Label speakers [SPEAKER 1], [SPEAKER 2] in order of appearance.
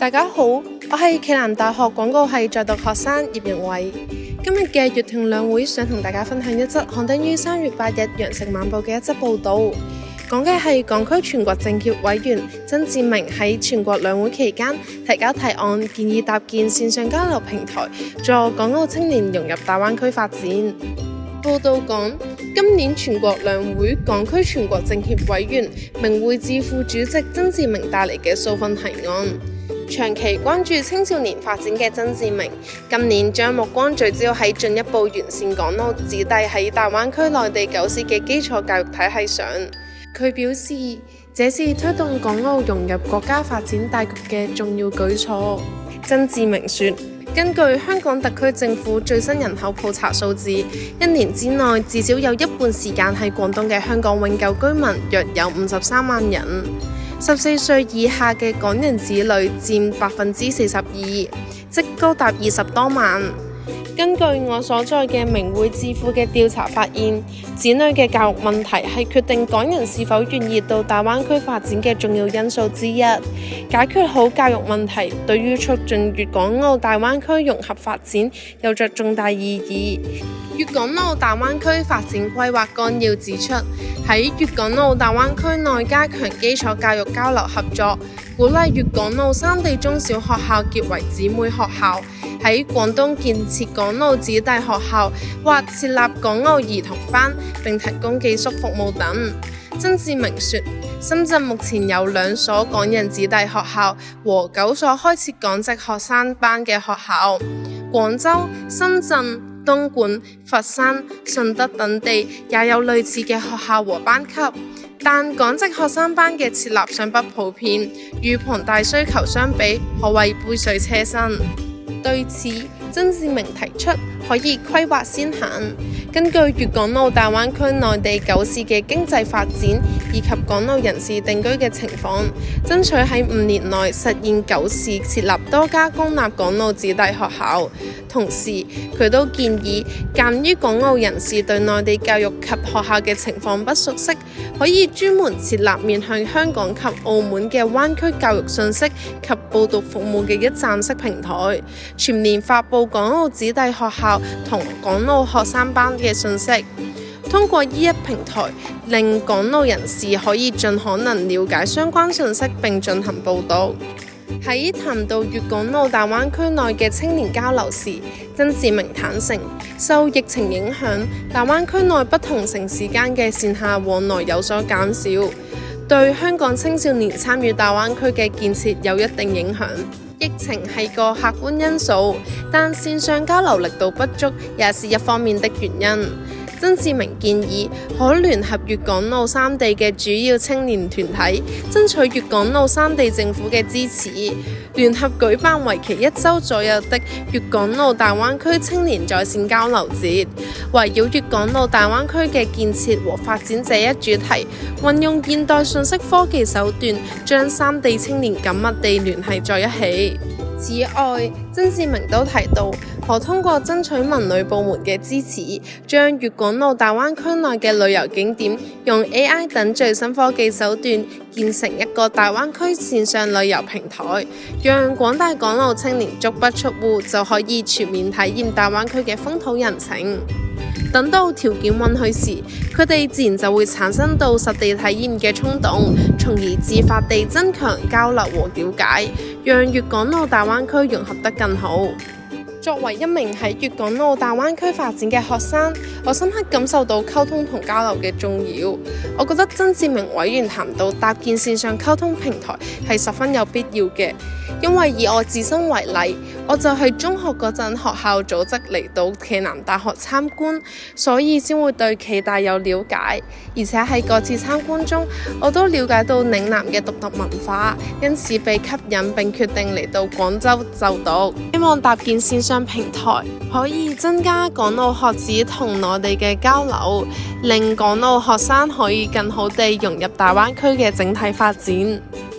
[SPEAKER 1] 大家好，我係暨南大學廣告系在讀學生葉瑩慧。今日嘅粵聽兩會，想同大家分享一則刊登於三月八日《羊城晚報》嘅一則報道，講嘅係港區全國政協委員曾志明喺全國兩會期間提交提案，建議搭建綫上交流平台，助港澳青年融入大灣區發展。報道講今年全國兩會，港區全國政協委員、名會智副主席曾志明帶嚟嘅數份提案。長期關注青少年發展嘅曾志明，近年將目光聚焦喺進一步完善港澳子弟喺大灣區內地九市嘅基礎教育體系上。佢表示，這是推動港澳融入國家發展大局嘅重要舉措。曾志明說，根據香港特區政府最新人口普查數字，一年之內至少有一半時間喺廣東嘅香港永久居民，約有五十三萬人。十四歲以下嘅港人子女佔百分之四十二，即高達二十多萬。根據我所在嘅明會智庫嘅調查發現，子女嘅教育問題係決定港人是否願意到大灣區發展嘅重要因素之一。解決好教育問題，對於促進粵港澳大灣區融合發展有着重大意義。粵港澳大灣區發展規劃綱要指出，喺粵港澳大灣區內加強基礎教育交流合作，鼓勵粵港澳三地中小學校結為姊妹學校。喺廣東建設港澳子弟學校，或設立港澳兒童班，並提供寄宿服務等。曾志明說，深圳目前有兩所港人子弟學校和九所開設港籍學生班嘅學校。廣州、深圳、東莞、佛山、順德等地也有類似嘅學校和班級，但港籍學生班嘅設立尚不普遍，與龐大需求相比，可謂杯水車薪。對此，曾志明提出可以規劃先行。根據粵港澳大灣區內地九市嘅經濟發展以及港澳人士定居嘅情況，爭取喺五年內實現九市設立多家公立港澳子弟學校。同時，佢都建議，鑑於港澳人士對內地教育及學校嘅情況不熟悉，可以專門設立面向香港及澳門嘅灣區教育信息及報讀服務嘅一站式平台，全年發布港澳子弟學校同港澳學生班嘅信息，通過呢一平台，令港澳人士可以盡可能了解相關信息，並進行報道。喺談到粵港澳大灣區內嘅青年交流時，曾志明坦承，受疫情影響，大灣區內不同城市間嘅線下往來有所減少，對香港青少年參與大灣區嘅建設有一定影響。疫情係個客觀因素，但線上交流力度不足也是一方面的原因。曾智明建議可聯合粵港澳三地嘅主要青年團體，爭取粵港澳三地政府嘅支持，聯合舉辦為期一周左右的粵港澳大灣區青年在線交流節，圍繞粵港澳大灣區嘅建設和發展這一主題，運用現代信息科技手段，將三地青年緊密地聯繫在一起。此外，曾智明都提到，可通過爭取文旅部門嘅支持，將粵港澳大灣區內嘅旅遊景點用 AI 等最新科技手段建成一個大灣區線上旅遊平台，讓廣大港澳青年足不出戶就可以全面體驗大灣區嘅風土人情。等到條件允許時，佢哋自然就會產生到實地體驗嘅衝動，從而自發地增強交流和瞭解，讓粵港澳大灣區融合得更好。作為一名喺粵港澳大灣區發展嘅學生，我深刻感受到溝通同交流嘅重要。我覺得曾志明委員談到搭建線上溝通平台係十分有必要嘅，因為以我自身為例。我就喺中學嗰陣，學校組織嚟到暨南大學參觀，所以先會對暨大有了解。而且喺嗰次參觀中，我都了解到嶺南嘅獨特文化，因此被吸引並決定嚟到廣州就讀。希望搭建線上平台，可以增加港澳學子同內地嘅交流，令港澳學生可以更好地融入大灣區嘅整體發展。